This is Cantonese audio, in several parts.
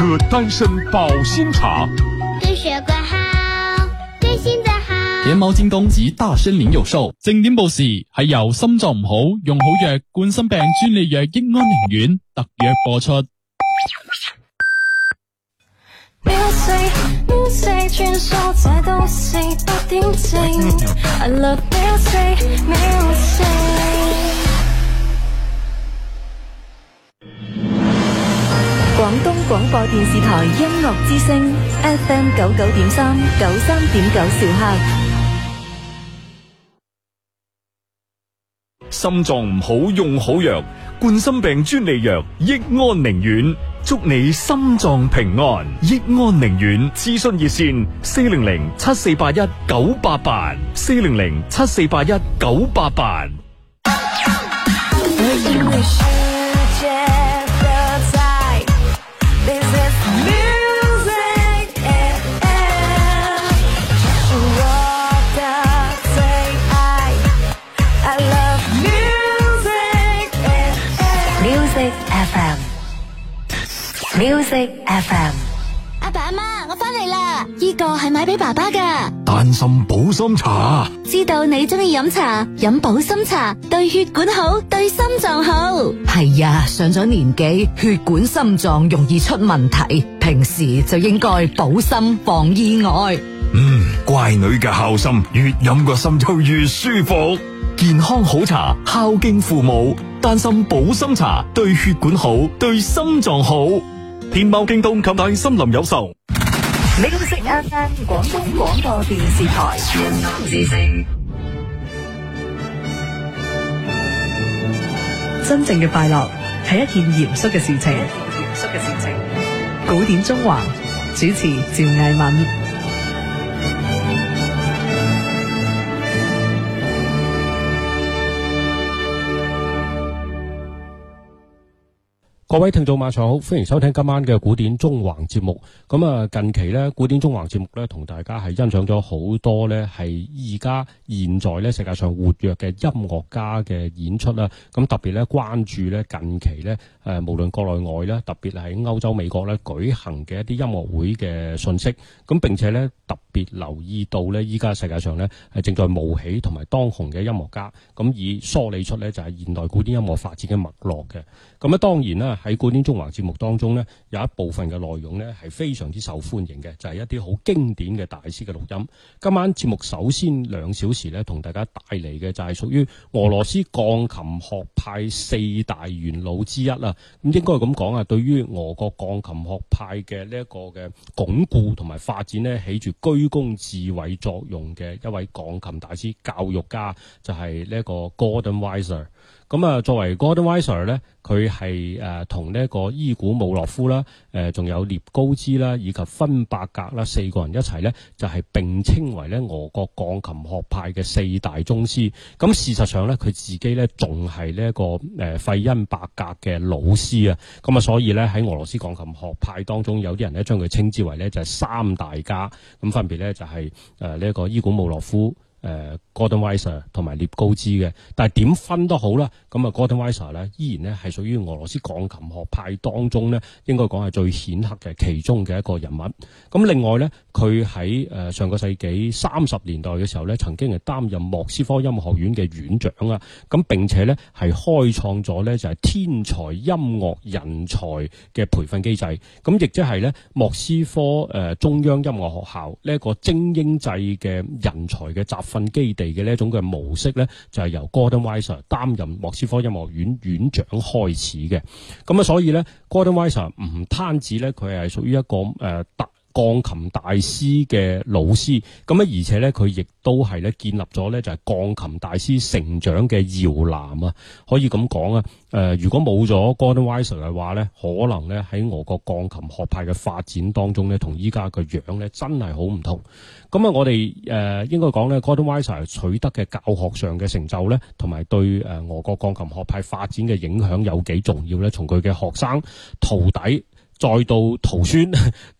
喝單身保心茶，對血管好，對心臟好。天貓、京東及大參林有售。正點報時係由心臟唔好用好藥，冠心病專利藥益安寧丸特約播出。沒 廣東廣播電視台音樂之聲 FM 九九點三九三點九兆赫，心臟唔好用好藥，冠心病專利藥益安寧丸，祝你心臟平安。益安寧丸，諮詢熱線四零零七四八一九八八，四零零七四八一九八八。Music FM，阿爸阿媽，媽，我翻嚟啦！依、這個係買俾爸爸噶，丹心保心茶。知道你中意飲茶，飲保心茶對血管好，對心臟好。係啊，上咗年紀，血管心臟容易出問題，平時就應該保心防意外。嗯，乖女嘅孝心，越飲個心就越舒服。健康好茶，孝敬父母，丹心保心茶對血管好，對心臟好。天貓、京東、及大森林有售。你認識啱啱廣東廣播電視台？真正嘅快樂係一件嚴肅嘅事情。嚴肅嘅事情。古典縱橫主持趙藝敏。各位聽眾晚上好，歡迎收聽今晚嘅古典縱橫節目。咁啊，近期呢，古典縱橫節目呢，同大家係欣賞咗好多呢係而家現在呢世界上活躍嘅音樂家嘅演出啦。咁特別咧關注呢近期呢，誒無論國內外呢，特別喺歐洲、美國呢舉行嘅一啲音樂會嘅信息。咁並且呢，特別留意到呢依家世界上呢係正在冒起同埋當紅嘅音樂家。咁以梳理出呢，就係現代古典音樂發展嘅脈絡嘅。咁當然啦，喺古典中華節目當中呢，有一部分嘅內容呢係非常之受歡迎嘅，就係、是、一啲好經典嘅大師嘅錄音。今晚節目首先兩小時呢，同大家帶嚟嘅就係屬於俄羅斯鋼琴學派四大元老之一啦。咁應該咁講啊，對於俄國鋼琴學派嘅呢一個嘅鞏固同埋發展呢，起住居功至偉作用嘅一位鋼琴大師、教育家，就係呢一個 Goldenweiser。咁啊，作為 Goldenweiser 咧，佢係誒同呢一個伊古姆洛夫啦，誒仲有聶高茲啦，以及芬伯格啦，四個人一齊咧，就係、是、並稱為咧俄國鋼琴學派嘅四大宗師。咁事實上咧，佢自己咧仲係呢一個誒費恩伯格嘅老師啊。咁啊，所以咧喺俄羅斯鋼琴學派當中，有啲人咧將佢稱之為咧就係三大家。咁分別咧就係誒呢一個伊古姆洛夫。誒、呃、Gordon Weiser 同埋聶高茲嘅，但係點分都好啦。咁啊，Gordon Weiser 咧，依然咧係屬於俄羅斯鋼琴學派當中咧，應該講係最顯赫嘅其中嘅一個人物。咁另外咧，佢喺誒上個世紀三十年代嘅時候咧，曾經係擔任莫斯科音樂學院嘅院長啊。咁並且咧係開創咗咧就係、是、天才音樂人才嘅培訓機制。咁亦即係咧莫斯科誒、呃、中央音樂學校呢一、那個、精英制嘅人才嘅集。份基地嘅呢一種嘅模式咧，就係由 Gordon Weiser 擔任莫斯科音樂院院長開始嘅。咁啊，所以咧，Gordon Weiser 唔攤子咧，佢係屬於一個誒特。呃鋼琴大師嘅老師，咁啊，而且咧，佢亦都係咧建立咗咧就係鋼琴大師成長嘅搖籃啊，可以咁講啊。誒，如果冇咗 Gordon Weiser 嘅話咧，可能咧喺俄國鋼琴學派嘅發展當中咧，同依家嘅樣咧真係好唔同。咁啊，我哋誒應該講咧，Gordon Weiser 取得嘅教學上嘅成就咧，同埋對誒俄國鋼琴學派發展嘅影響有幾重要咧？從佢嘅學生徒弟，再到徒孫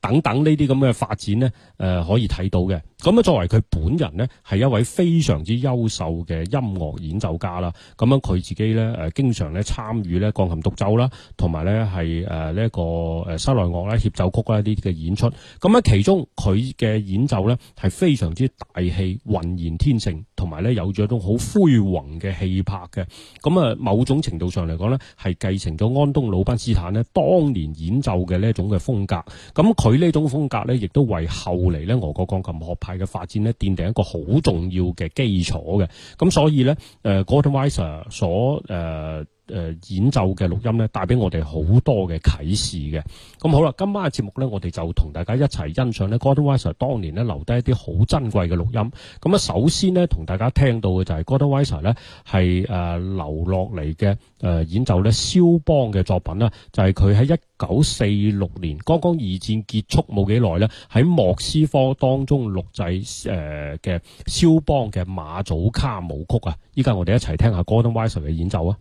等等呢啲咁嘅發展咧，誒可以睇到嘅。咁啊，作為佢本人咧，係一位非常之優秀嘅音樂演奏家啦。咁樣佢自己咧，誒經常咧參與咧鋼琴獨奏啦，同埋咧係誒呢一個誒誒室內樂咧協奏曲啦呢啲嘅演出。咁啊，其中佢嘅演奏咧係非常之大氣渾然天成，同埋咧有咗一種好恢宏嘅氣魄嘅。咁啊，某種程度上嚟講咧，係繼承咗安東魯賓斯坦咧當年演奏嘅呢一種嘅風格。咁佢呢種風格咧，亦都為後嚟咧俄國鋼琴學派。大嘅發展咧，奠定一個好重要嘅基礎嘅，咁所以咧，誒、呃、GoldmanSachs 所，誒。呃誒演奏嘅錄音咧，帶俾我哋好多嘅啟示嘅。咁好啦，今晚嘅節目咧，我哋就同大家一齊欣賞咧。Gordon Weiser 當年咧留低一啲好珍貴嘅錄音。咁啊，首先咧同大家聽到嘅就係 Gordon Weiser 咧係誒留落、呃、嚟嘅誒、呃、演奏咧肖邦嘅作品啦，就係佢喺一九四六年剛剛二戰結束冇幾耐咧喺莫斯科當中錄製誒嘅肖邦嘅馬祖卡舞曲啊。依家我哋一齊聽下 Gordon Weiser 嘅演奏啊！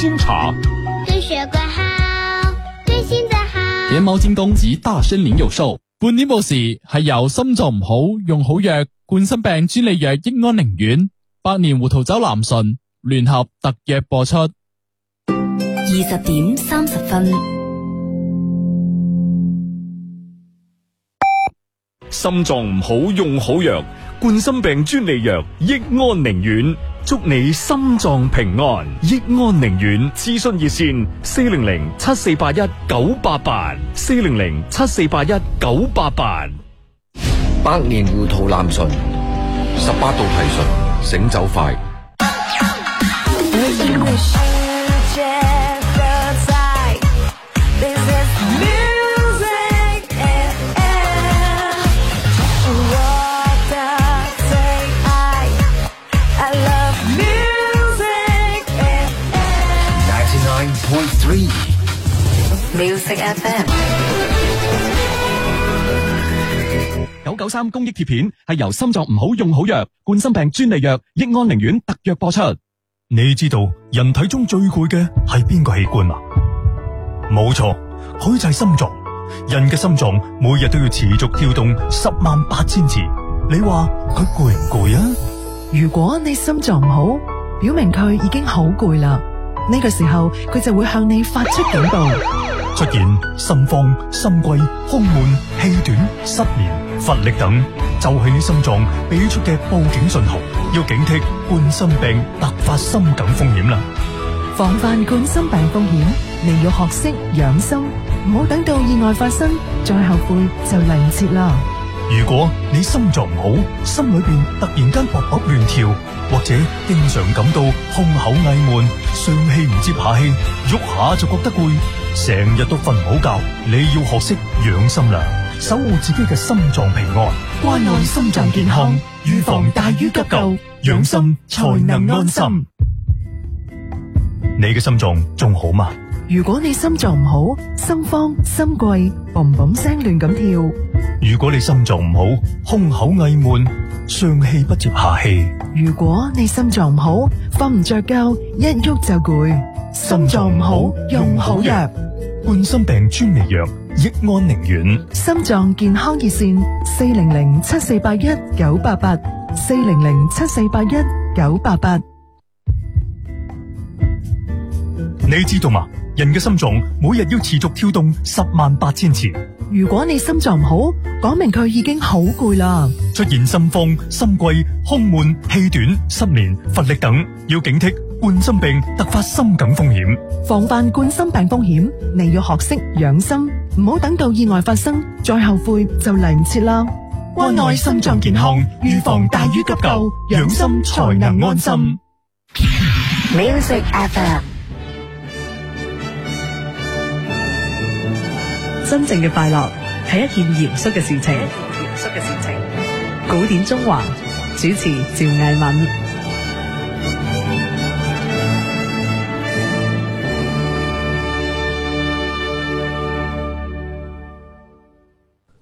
金茶對血管好，對心臟好。天貓京東及大森林肉獸。半年報時係由心臟唔好用好藥，冠心病專利藥益安寧丸，百年胡桃酒南順聯合特約播出。二十點三十分，心臟唔好用好藥。冠心病專利藥益安寧丸，祝你心臟平安。益安寧丸諮詢熱線：四零零七四八一九八八，四零零七四八一九八八。百年糊塗南順，十八度提順，醒酒快。 九九三公益貼片係由心臟唔好，用好藥，冠心病專利藥益安寧丸特約播出。你知道人體中最攰嘅係邊個器官嗎？冇錯，佢就係心臟。人嘅心臟每日都要持續跳動十萬八千次，你話佢攰唔攰啊？如果你心臟唔好，表明佢已經好攰啦。呢個時候佢就會向你發出警告。出現心慌、心悸、胸悶、氣短、失眠、乏力等，就係你心臟俾出嘅報警信號，要警惕冠心病突發心梗風險啦。防範冠心病風險，你要學識養心，唔好等到意外發生再後悔就嚟唔切啦。如果你心臟唔好，心裏邊突然間搏搏亂跳。或者經常感到胸口翳悶、上氣唔接下氣、喐下就覺得攰，成日都瞓唔好覺。你要學識養心啦，守護自己嘅心臟平安，關愛心臟健康，預防大於急救，養心才能安心。你嘅心臟仲好嗎？如果你心臟唔好，心慌心悸，嘣嘣聲亂咁跳；如果你心臟唔好，胸口翳悶，上氣不接下氣；如果你心臟唔好，瞓唔着覺，一喐就攰。心臟唔好用好藥，冠心病專利藥益安寧丸。心臟健康熱線：四零零七四八一九八八，四零零七四八一九八八。你知道嗎？人嘅心臟每日要持續跳動十萬八千次。如果你心臟唔好，講明佢已經好攰啦。出現心慌、心悸、胸悶、氣短、失眠、乏力等，要警惕冠心病突發心梗風險。防範冠心病風險，你要學識養心，唔好等到意外發生再後悔就嚟唔切啦。關愛心臟健康，預防大於急救，養心才能安心。Music FM。真正嘅快樂係一件嚴肅嘅事情。一件嚴肅嘅事情。古典中華，主持趙藝敏。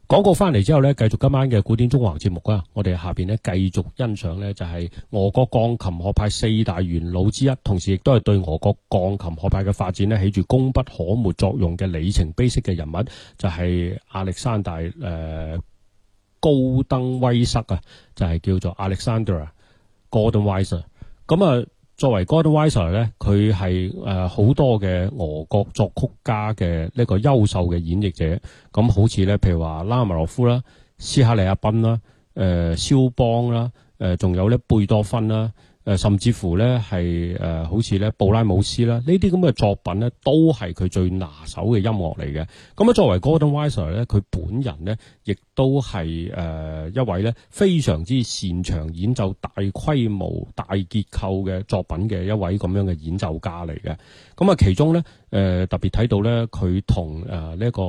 廣告翻嚟之後咧，繼續今晚嘅古典縱橫節目啊！我哋下面咧繼續欣賞咧，就係、是、俄國鋼琴學派四大元老之一，同時亦都係對俄國鋼琴學派嘅發展咧起住功不可沒作用嘅里程碑式嘅人物，就係亞歷山大誒、呃、高登威塞、就是、啊，就係叫做 Alexander Goldenweiser 咁啊～作為 Goldenweiser 咧，佢係誒好多嘅俄國作曲家嘅呢個優秀嘅演繹者，咁好似呢，譬如話拉馬諾夫啦、斯克里亞賓啦、誒、呃、肖邦啦、誒、呃、仲有呢貝多芬啦。誒甚至乎咧係誒好似咧布拉姆斯啦，呢啲咁嘅作品咧都係佢最拿手嘅音樂嚟嘅。咁啊，作為 Gordon Weiser 咧，佢本人咧亦都係誒、呃、一位咧非常之擅長演奏大規模大結構嘅作品嘅一位咁樣嘅演奏家嚟嘅。咁啊，其中咧誒、呃、特別睇到咧佢同誒呢一、呃這個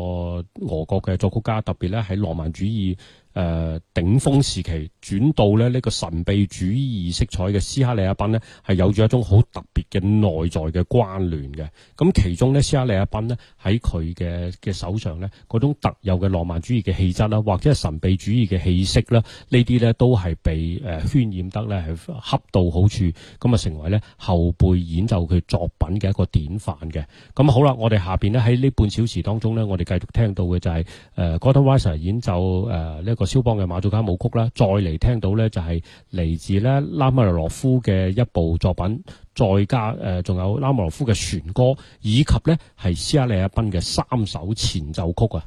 俄國嘅作曲家特別咧喺浪漫主義。誒、呃，頂峰時期轉到咧呢、這個神秘主義色彩嘅斯哈利亞賓呢係有住一種好特別嘅內在嘅關聯嘅。咁其中呢，斯哈利亞賓呢喺佢嘅嘅手上呢，嗰種特有嘅浪漫主義嘅氣質啦，或者係神秘主義嘅氣息啦，這些呢啲呢都係被誒渲、呃、染得呢係恰到好處，咁啊成為呢後輩演奏佢作品嘅一個典範嘅。咁好啦，我哋下邊呢喺呢半小時當中呢，我哋繼續聽到嘅就係、是、誒、呃、Godowsky 演奏誒呢。呃那個肖邦嘅馬祖卡舞曲啦，再嚟聽到呢，就係、是、嚟自咧拉姆羅夫嘅一部作品，再加誒仲、呃、有拉姆羅夫嘅旋歌，以及呢係斯卡利亞賓嘅三首前奏曲啊！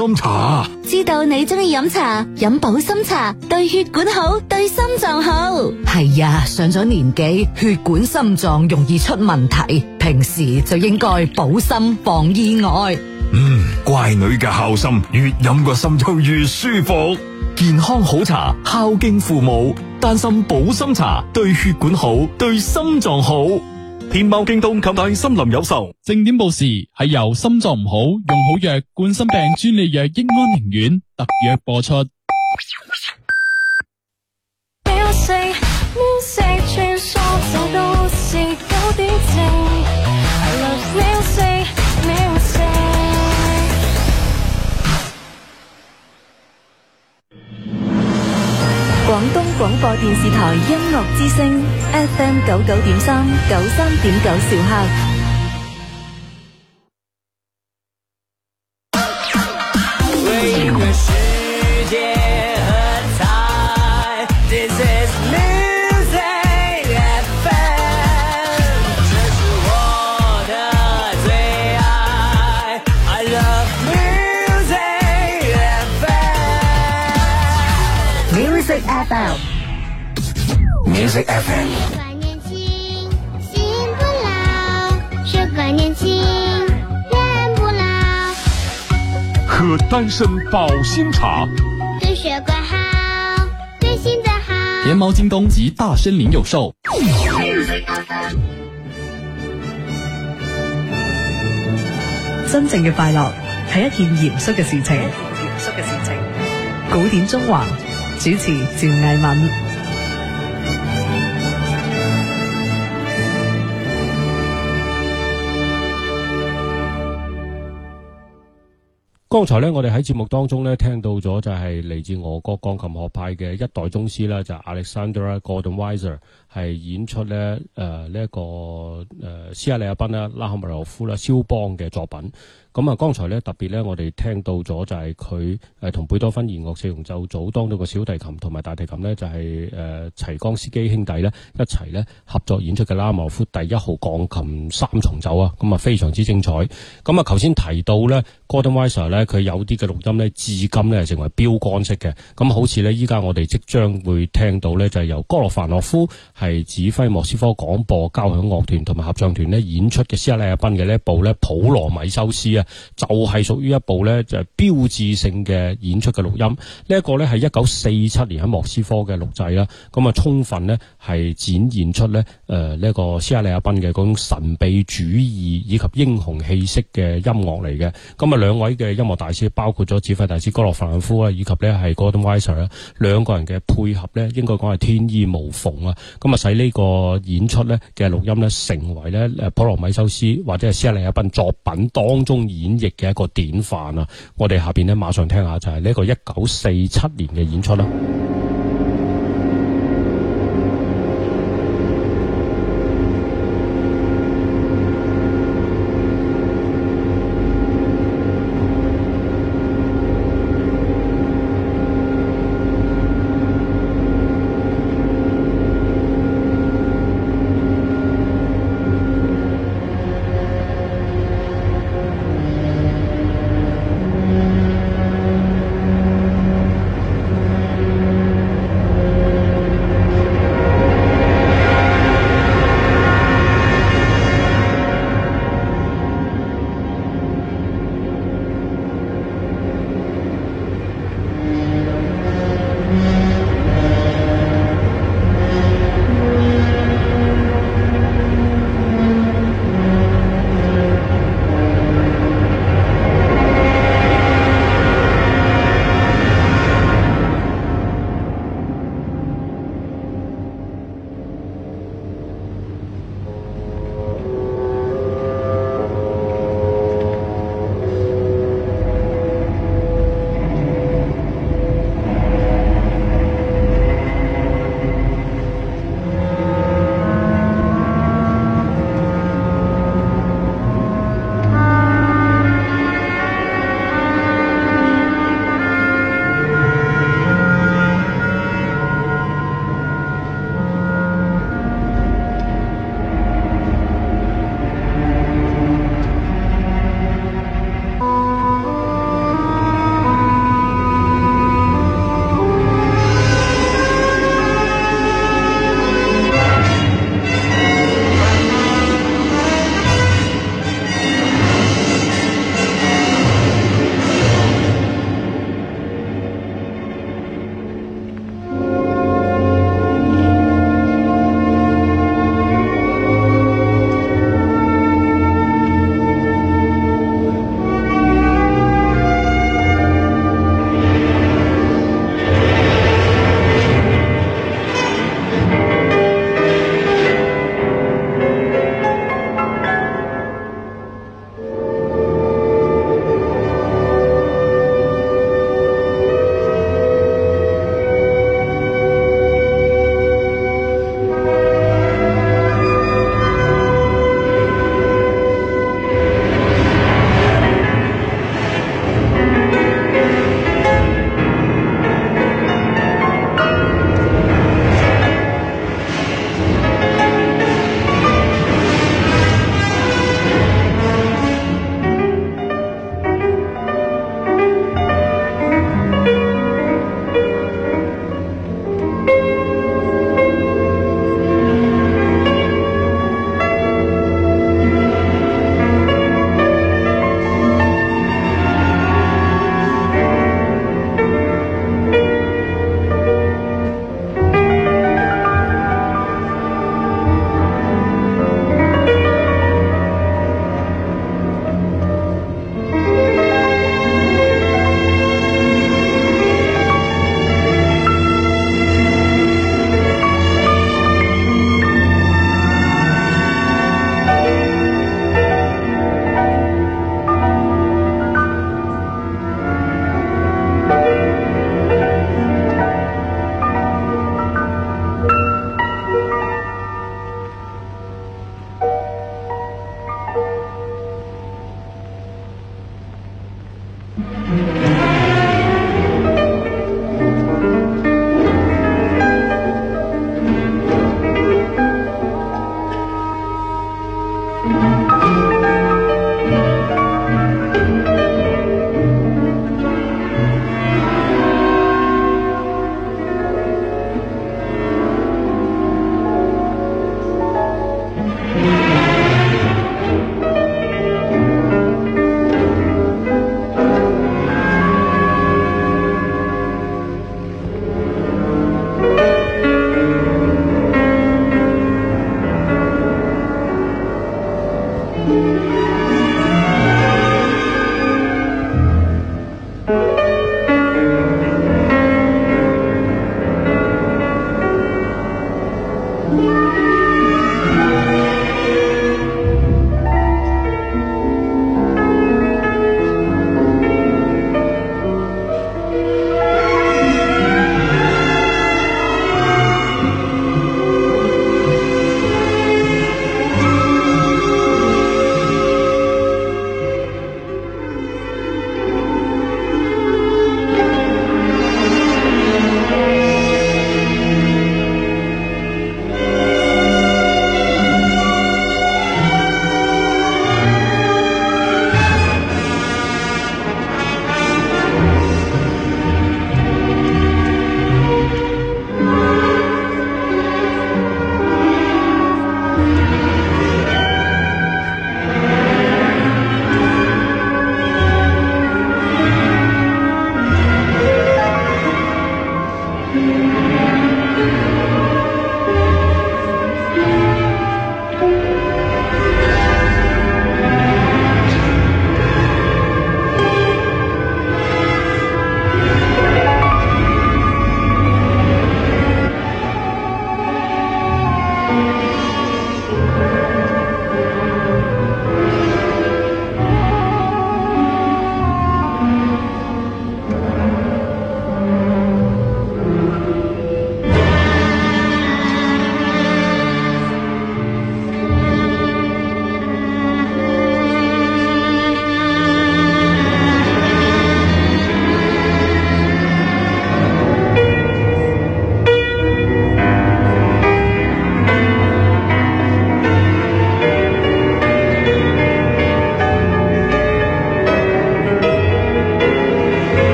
心茶，知道你中意飲茶，飲保心茶對血管好，對心臟好。係呀，上咗年紀，血管心臟容易出問題，平時就應該保心防意外。嗯，乖女嘅孝心，越飲個心就越舒服，健康好茶孝敬父母，擔心保心茶對血管好，對心臟好。天貓、京東購大森林有售。正點報時係由心臟唔好用好藥，冠心病專利藥益安寧丸特約播出。電視台音樂之聲 FM 九九點三九三點九兆赫。珍寶新茶，對血管好，對心臟好。天貓、京東及大森林有售。真正嘅快樂，係一件嚴肅嘅事情。嚴肅嘅事情。古典縱橫，主持趙毅敏。剛才呢我哋喺節目當中呢聽到咗就係嚟自俄國鋼琴學派嘅一代宗師啦，就 Alexander Gordon Weiser。係演出咧，誒呢一個誒、呃、斯卡利亞賓啦、拉克梅留夫啦、肖邦嘅作品。咁、嗯、啊，剛才咧特別咧，我哋聽到咗就係佢同貝多芬弦樂四重奏組當到個小提琴同埋大提琴咧，就係、是、誒、呃、齊江斯基兄弟咧一齊咧合作演出嘅拉莫夫第一號鋼琴三重奏啊！咁、嗯、啊，非常之精彩。咁、嗯、啊，頭、嗯、先提到咧，Gordon Weiser 咧，佢有啲嘅錄音咧，至今咧成為標杆式嘅。咁、嗯、好似咧，依家我哋即將會聽到咧，就係、是、由哥洛凡諾夫。係指揮莫斯科廣播交響樂團同埋合唱團咧演出嘅斯拉利亞賓嘅呢一部咧普羅米修斯啊，就係屬於一部咧就係、標誌性嘅演出嘅錄音。呢一個咧係一九四七年喺莫斯科嘅錄製啦，咁啊充分咧係展現出咧誒呢、呃這個斯拉利亞賓嘅嗰種神秘主義以及英雄氣息嘅音樂嚟嘅。咁啊兩位嘅音樂大師，包括咗指揮大師哥洛凡夫啊，以及呢係 Gordon Weiser 啊，兩個人嘅配合咧應該講係天衣無縫啊。咁啊，使呢個演出呢嘅錄音呢成為咧誒，普羅米修斯或者係斯克里亞賓作品當中演繹嘅一個典範啊！我哋下邊呢馬上聽下就係呢個一九四七年嘅演出啦。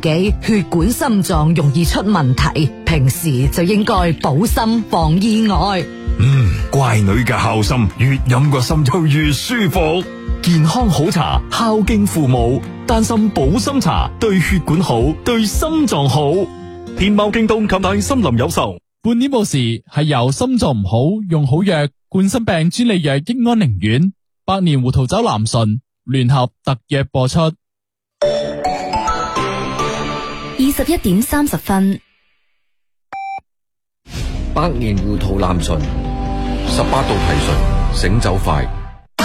自己血管心臟容易出問題，平時就應該保心防意外。嗯，乖女嘅孝心，越飲個心就越舒服。健康好茶，孝敬父母，丹心保心茶對血管好，對心臟好。天貓、京東、購大森林有售。半年冇事係由心臟唔好用好藥，冠心病專利藥益安寧丸，百年胡桃酒南順聯合特約播出。二十一點三十分，百年糊塗南巡，十八度提純醒酒快。嗯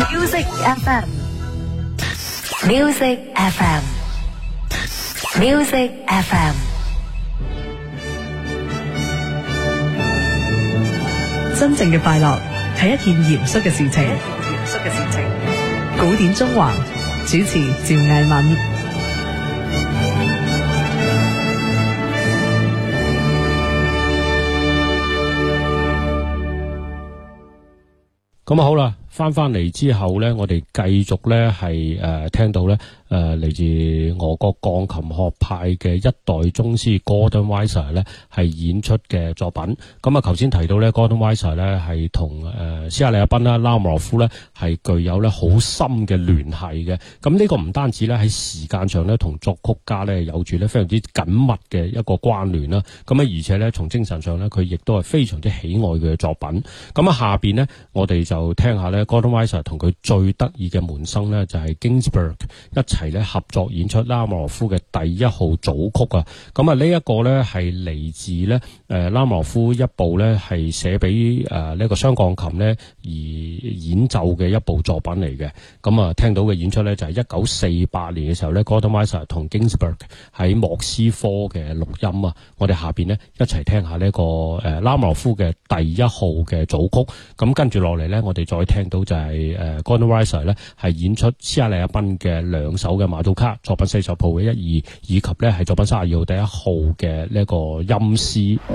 Music FM，Music FM，Music FM。真正嘅快樂係一件嚴肅嘅事情。嚴肅嘅事情。古典縱橫主持：趙藝敏。咁好啦。翻翻嚟之後咧，我哋繼續咧係誒聽到咧。誒、呃、嚟自俄國鋼琴學派嘅一代宗師 Gordon Weiser 咧，係演出嘅作品。咁、嗯、啊，頭先提到咧，Gordon Weiser 咧係同誒、呃、斯亞利亞賓啦、拉莫羅夫咧係具有咧好深嘅聯繫嘅。咁、嗯、呢、這個唔單止咧喺時間上咧同作曲家咧有住咧非常之緊密嘅一個關聯啦。咁啊，而且咧從精神上咧佢亦都係非常之喜愛佢嘅作品。咁、嗯、啊，下面呢，我哋就聽下咧 Gordon Weiser 同佢最得意嘅門生咧就係、是、Ginsberg 一齊係咧合作演出拉莫羅夫嘅第一號組曲啊，咁啊呢一個咧係嚟自咧。誒、呃、拉莫夫一部咧係寫俾誒呢個個雙鋼琴咧而演奏嘅一部作品嚟嘅，咁、嗯、啊聽到嘅演出咧就係一九四八年嘅時候咧 ，Gordon Weiser 同 Ginsberg 喺莫斯科嘅錄音啊，我哋下面呢一齊聽一下呢、這個個、呃、拉莫夫嘅第一號嘅組曲，咁、嗯、跟住落嚟咧，我哋再聽到就係、是、誒、呃、Gordon Weiser 咧係演出施亞利亞賓嘅兩首嘅馬祖卡作品四十號嘅一二，以及咧係作品三十二號第一號嘅呢個個音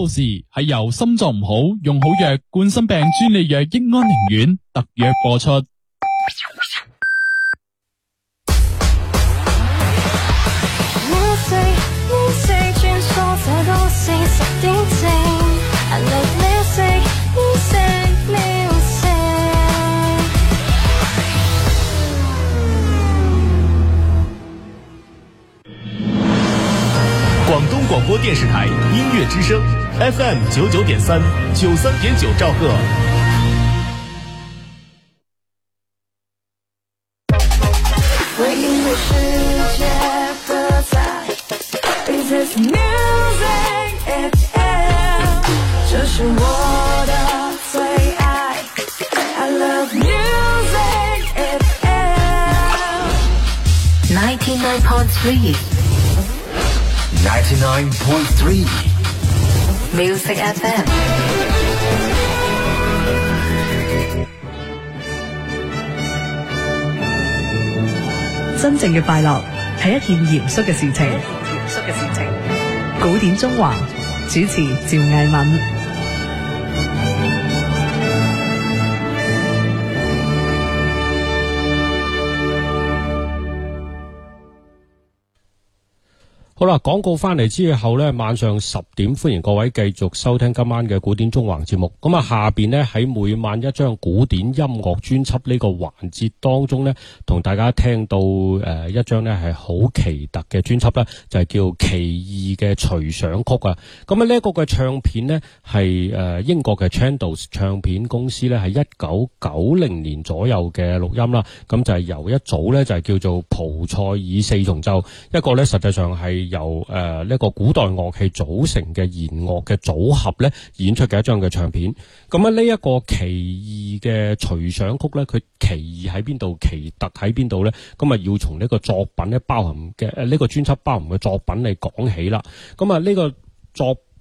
故事係由心臟唔好，用好藥，冠心病專利藥益安寧丸特約播出。廣東廣播電視台音樂之聲。FM 九九點三，九三點九兆赫。快樂係一件嚴肅嘅事情，嚴肅嘅事情。古典縱橫主持趙藝敏。啊！廣告翻嚟之後呢，晚上十點歡迎各位繼續收聽今晚嘅古典縱橫節目。咁啊，下邊呢喺，每晚一張古典音樂專輯呢個環節當中呢，同大家聽到誒一張呢係好奇特嘅專輯啦，就係叫《奇異嘅隨想曲》啊。咁啊，呢個嘅唱片呢係誒英國嘅 Chandos 唱片公司呢，係一九九零年左右嘅錄音啦。咁就係由一組呢，就係叫做蒲賽爾四重奏，一個呢實際上係由由誒呢個古代樂器組成嘅弦樂嘅組合咧演出嘅一張嘅唱片，咁啊呢一個奇異嘅隨想曲咧，佢奇異喺邊度，奇特喺邊度咧？咁啊要從呢個作品咧包含嘅誒呢個專輯包含嘅作品嚟講起啦。咁啊呢個作。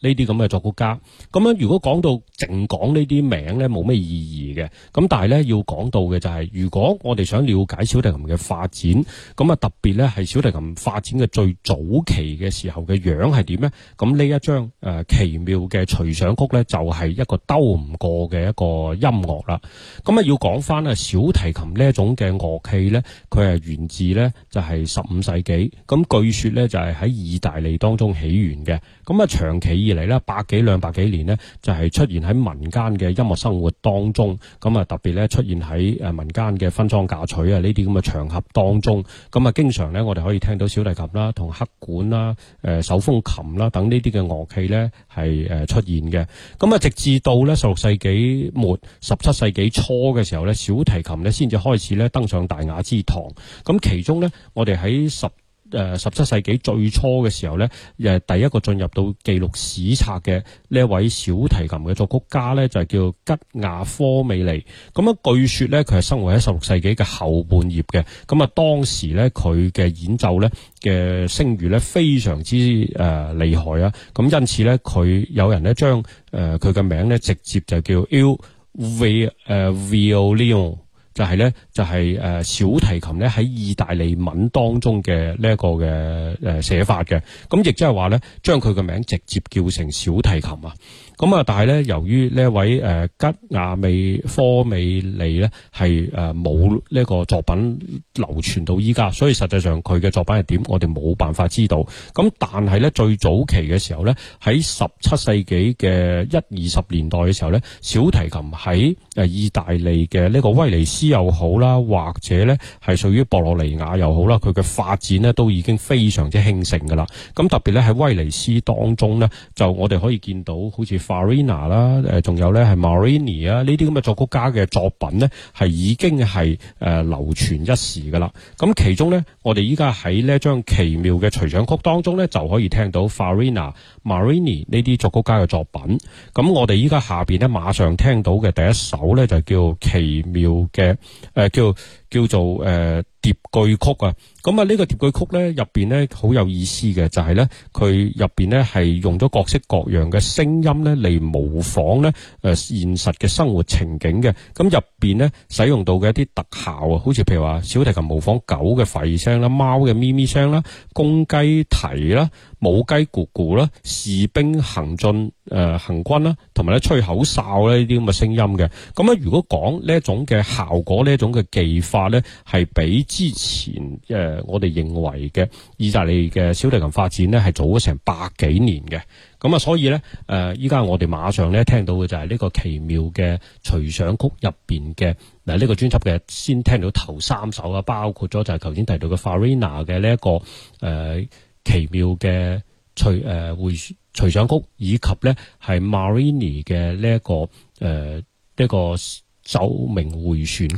呢啲咁嘅作曲家，咁樣如果講到淨講呢啲名呢，冇咩意義嘅。咁但係呢，要講到嘅就係、是，如果我哋想了解小提琴嘅發展，咁啊特別呢係小提琴發展嘅最早期嘅時候嘅樣係點呢？咁呢一張誒奇妙嘅隨想曲呢，就係一個兜唔過嘅一個音樂啦。咁啊要講翻啊小提琴呢一種嘅樂器呢，佢係源自呢，就係十五世紀。咁據說呢，就係喺意大利當中起源嘅。咁啊長期。而嚟咧，百幾兩百幾年呢，就係出現喺民間嘅音樂生活當中，咁啊特別咧出現喺誒民間嘅婚喪嫁娶啊呢啲咁嘅場合當中，咁啊經常咧我哋可以聽到小提琴啦、同黑管啦、誒手風琴啦等呢啲嘅樂器咧係誒出現嘅，咁啊直至到咧十六世紀末、十七世紀初嘅時候咧，小提琴咧先至開始咧登上大雅之堂，咁其中咧我哋喺十。誒十七世紀最初嘅時候咧，誒、呃、第一個進入到記錄史冊嘅呢一位小提琴嘅作曲家咧，就係叫吉雅科美尼。咁、嗯、樣據說咧，佢係生活喺十六世紀嘅後半葉嘅。咁、嗯、啊，當時咧佢嘅演奏咧嘅聲譽咧非常之誒、呃、厲害啊！咁因此咧，佢有人咧將誒佢嘅名咧直接就叫 Il V. 誒 Violino。就係咧，就係誒小提琴咧喺意大利文當中嘅呢一個嘅誒寫法嘅，咁亦即係話咧，將佢嘅名直接叫成小提琴啊。咁啊！但係咧，由於呢一位誒吉亞美科美利咧，係誒冇呢個作品流傳到依家，所以實際上佢嘅作品係點，我哋冇辦法知道。咁但係咧，最早期嘅時候咧，喺十七世紀嘅一二十年代嘅時候咧，小提琴喺誒意大利嘅呢個威尼斯又好啦，或者咧係屬於博羅尼亞又好啦，佢嘅發展咧都已經非常之興盛噶啦。咁特別咧喺威尼斯當中咧，就我哋可以見到好似。Farina 啦，誒，仲有咧係 Marini 啊，呢啲咁嘅作曲家嘅作品咧，係已經係誒流傳一時噶啦。咁其中咧，我哋依家喺呢張奇妙嘅隨想曲當中咧，就可以聽到 Farina、Marini 呢啲作曲家嘅作品。咁我哋依家下面咧，馬上聽到嘅第一首咧，就叫奇妙嘅誒叫。叫做誒疊、呃、句曲啊！咁啊呢個疊句曲咧，入邊咧好有意思嘅，就係咧佢入邊咧係用咗各式各樣嘅聲音咧嚟，模仿咧誒、呃、現實嘅生活情景嘅。咁入邊咧使用到嘅一啲特效啊，好似譬如話小提琴模仿狗嘅吠聲啦、貓嘅咪咪聲啦、公雞啼啦、母雞咕咕啦、士兵行進誒、呃、行軍啦，同埋咧吹口哨咧呢啲咁嘅聲音嘅。咁、嗯、啊如果講呢一種嘅效果，呢一種嘅技法。話咧係比之前誒，我哋認為嘅意大利嘅小提琴發展咧係早咗成百幾年嘅。咁啊，所以咧誒，依家我哋馬上咧聽到嘅就係呢個奇妙嘅隨想曲入邊嘅嗱，呢、這個專輯嘅先聽到頭三首啊，包括咗就係頭先提到嘅 Farina 嘅呢一個誒奇妙嘅隨誒回隨想曲，以及咧係 Marini 嘅呢一個誒呢、這個奏鳴回旋曲。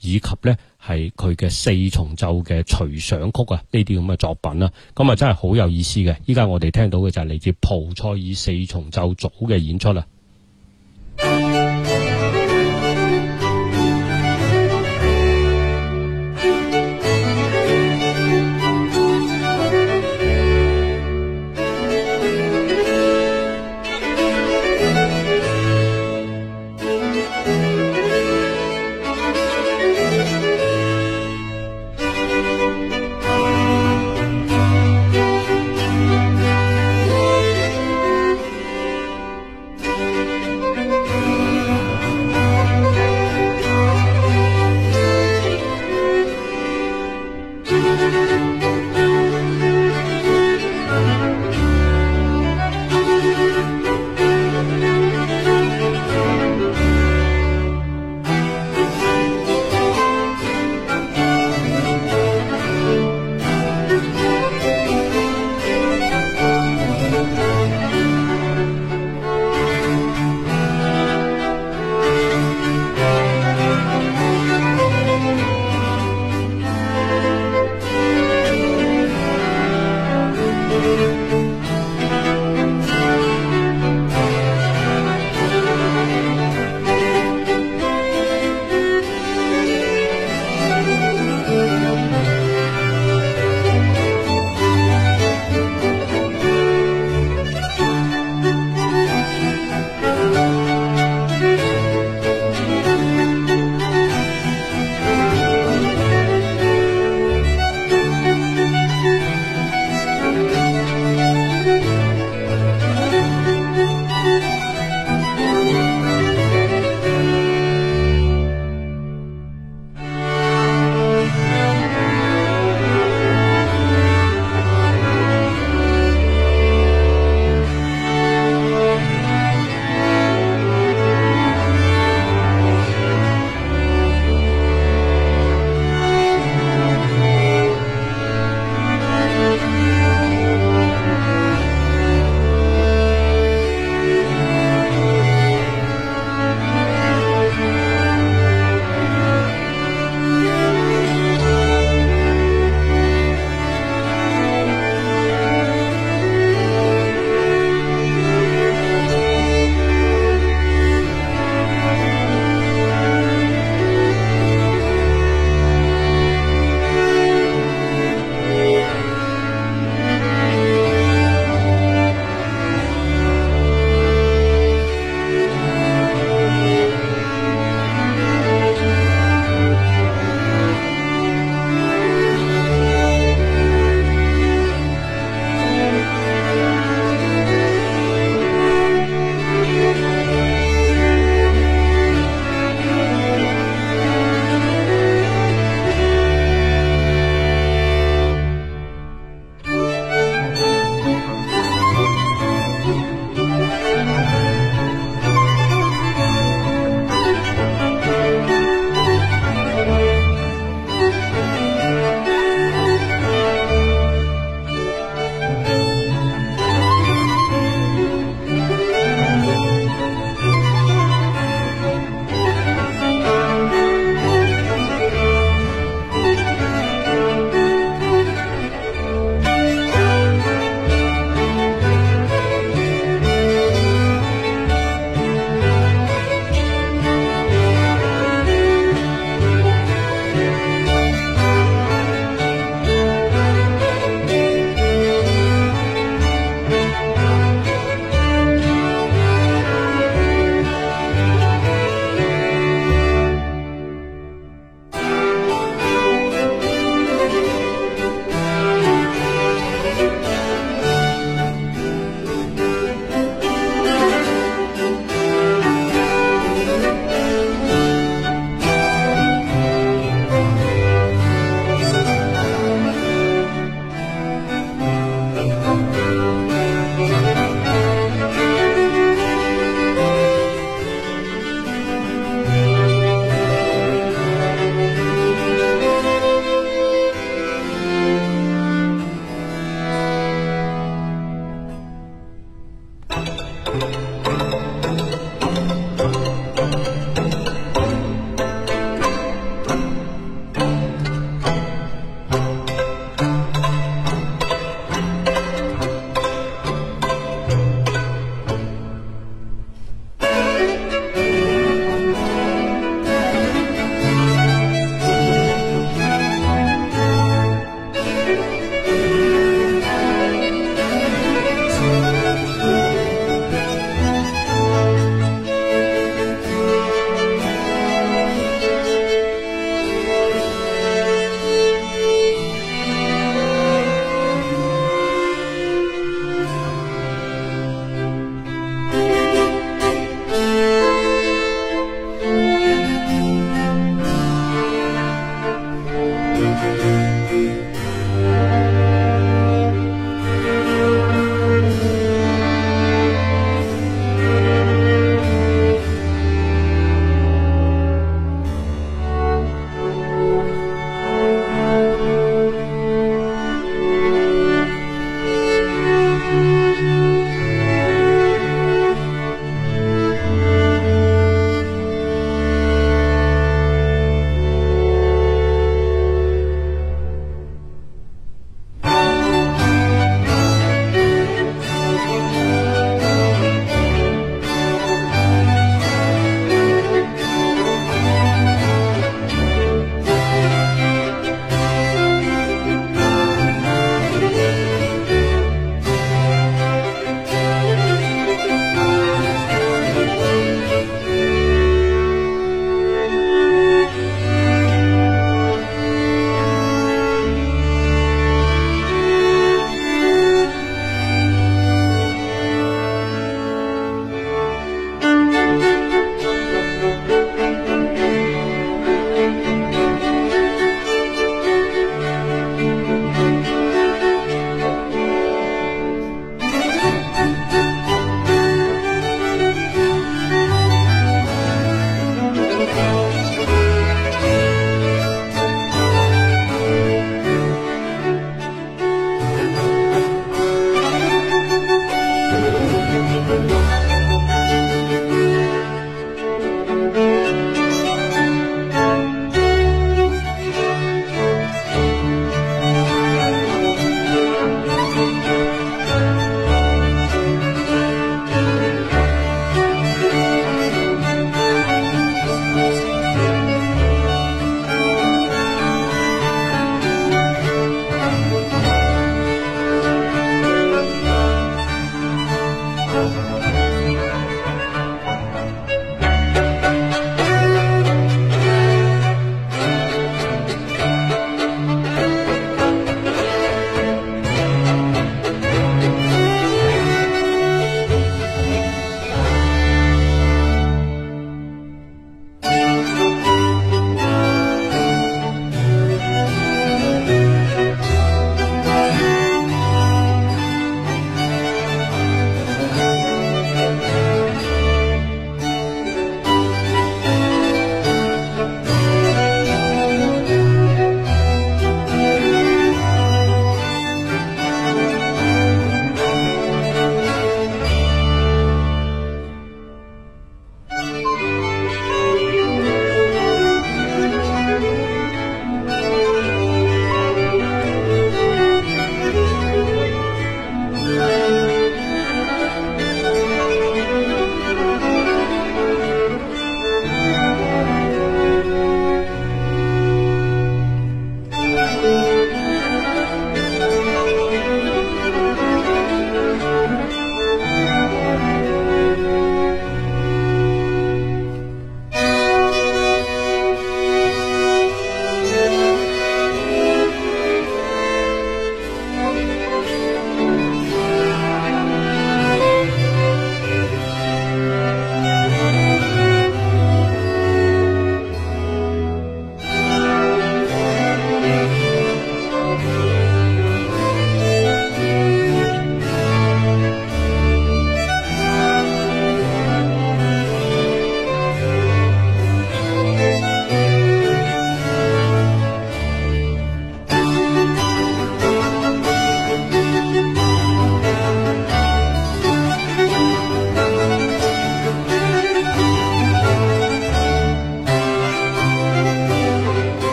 以及呢，係佢嘅四重奏嘅隨想曲啊，呢啲咁嘅作品啦、啊，咁啊真係好有意思嘅。依家我哋聽到嘅就係嚟自蒲賽爾四重奏組嘅演出啦、啊。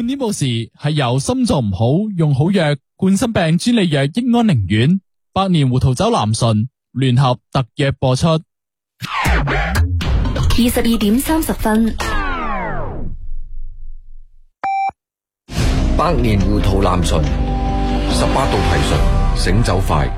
半點報時，係由心臟唔好用好藥，冠心病專利藥益安寧丸，百年胡桃酒南順聯合特約播出。二十二點三十分，百年胡桃南順，十八度提純，醒酒快。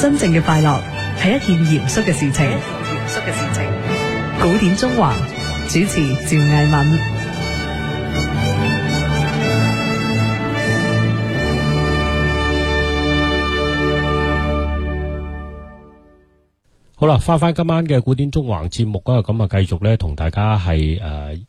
真正嘅快樂係一件嚴肅嘅事情。古典縱橫主持趙藝敏，好啦，翻翻今晚嘅古典縱橫節目啊，咁啊，繼續咧同大家係誒。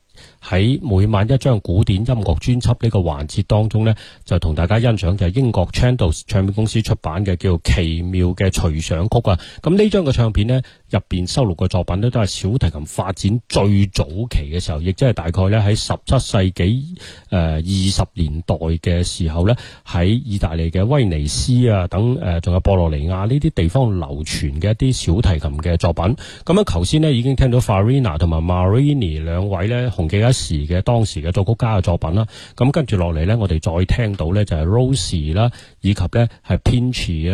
喺每晚一張古典音樂專輯呢個環節當中咧，就同大家欣賞就英國 Chandos 唱片公司出版嘅叫《奇妙嘅隨想曲》啊！咁呢張嘅唱片咧，入邊收錄嘅作品咧都係小提琴發展最早期嘅時候，亦即係大概咧喺十七世紀誒二十年代嘅時候咧，喺意大利嘅威尼斯啊等誒，仲有博洛尼亞呢啲地方流傳嘅一啲小提琴嘅作品。咁樣頭先咧已經聽到 Farina 同埋 Marini 兩位咧紅幾時嘅當時嘅作曲家嘅作品啦，咁跟住落嚟咧，我哋再聽到咧就係 Rose 啦，以及咧係 Pynch 咧，誒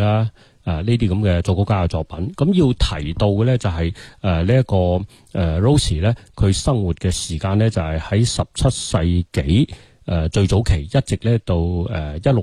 呢啲咁嘅作曲家嘅作品。咁要提到嘅咧就係誒呢一個誒 Rose 咧，佢生活嘅時間咧就係喺十七世紀誒最早期，一直咧到誒一六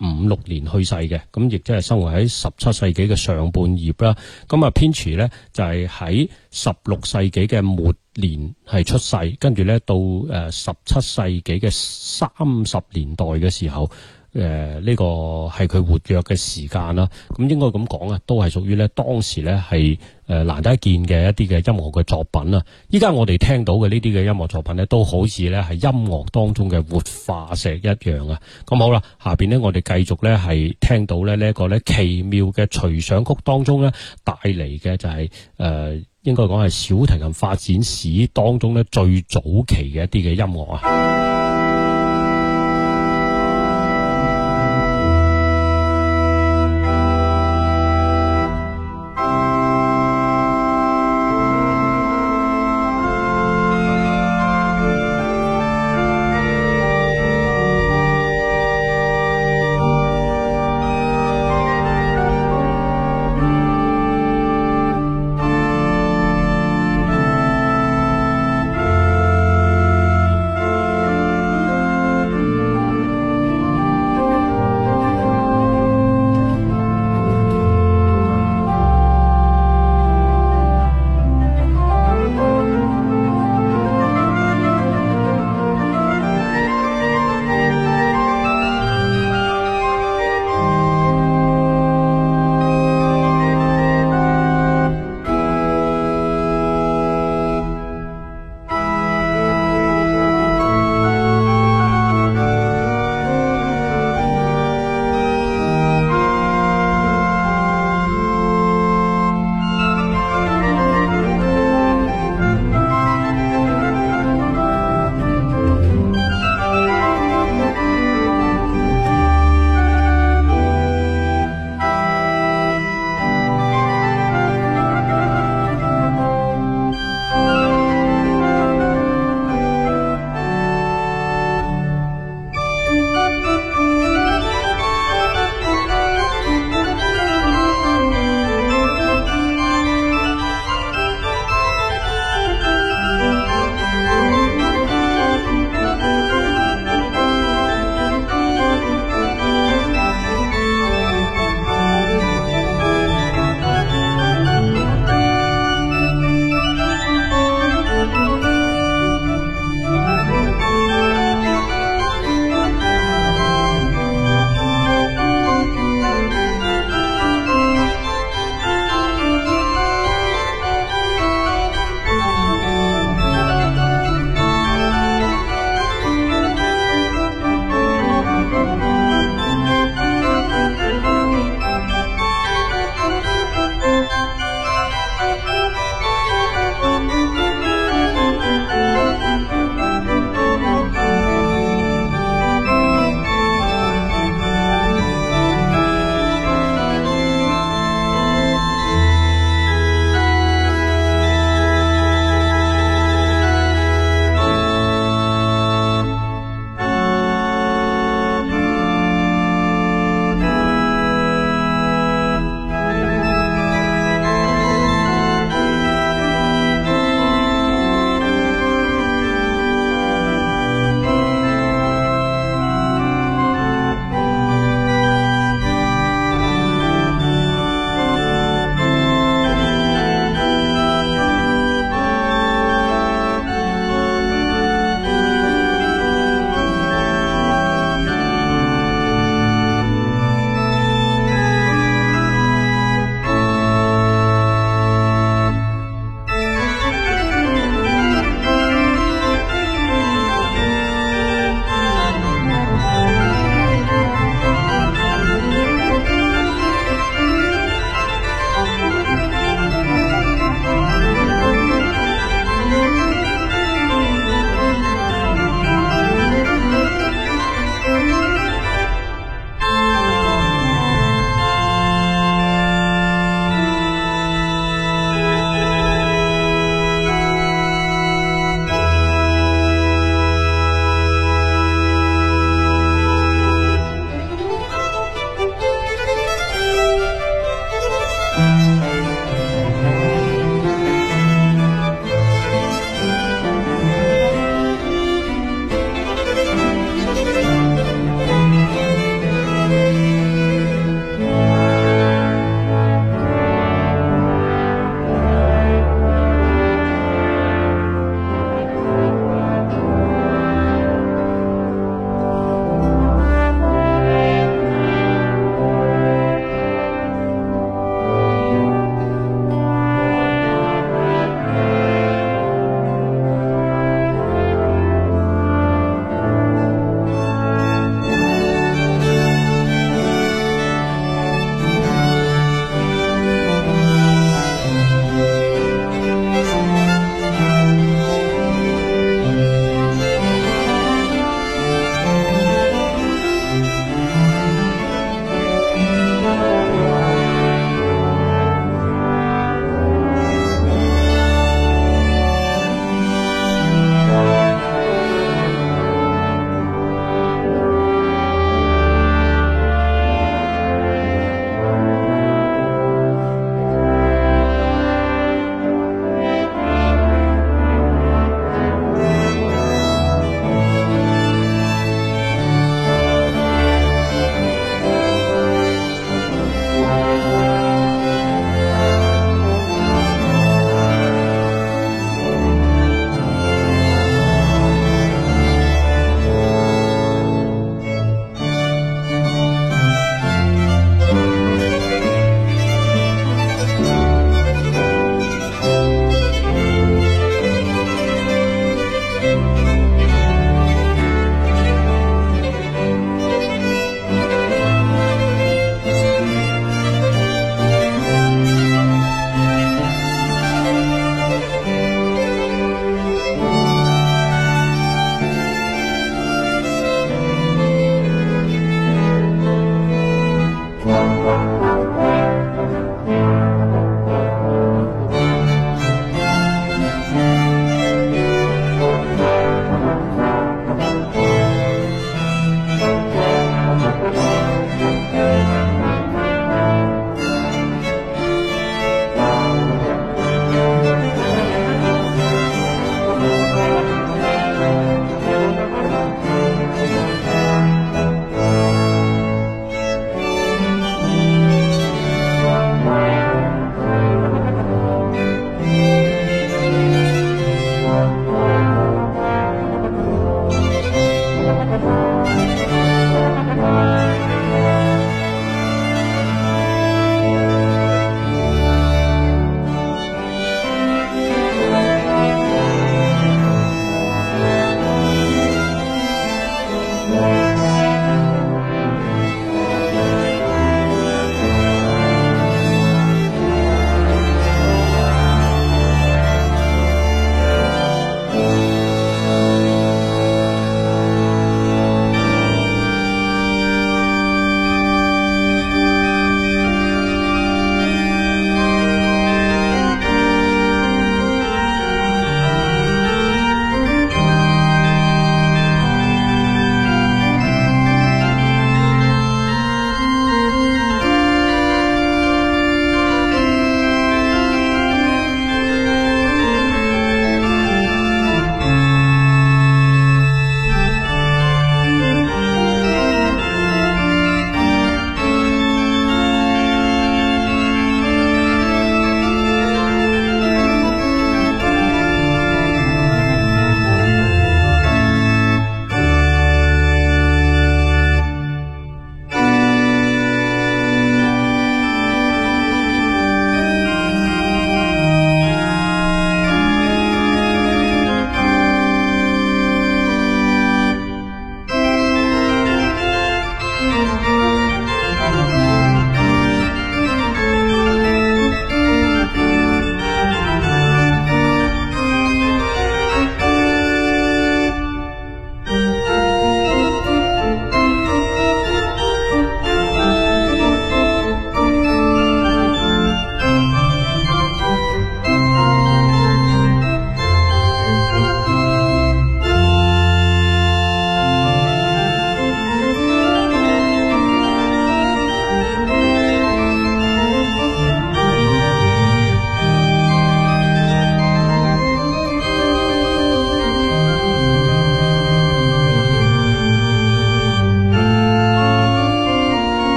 五六年去世嘅，咁亦即係生活喺十七世紀嘅上半葉啦。咁啊 Pynch 咧就係喺十六世紀嘅末年係出、呃、世，跟住呢到誒十七世紀嘅三十年代嘅時候，誒、呃、呢、這個係佢活躍嘅時間啦。咁、嗯、應該咁講啊，都係屬於呢當時呢係誒難得見一見嘅一啲嘅音樂嘅作品啦。依家我哋聽到嘅呢啲嘅音樂作品呢，都好似呢係音樂當中嘅活化石一樣啊。咁、嗯、好啦，下邊呢，我哋繼續呢係聽到呢呢一、這個呢奇妙嘅隨想曲當中呢帶嚟嘅就係、是、誒。呃應該講係小提琴發展史當中咧最早期嘅一啲嘅音樂啊。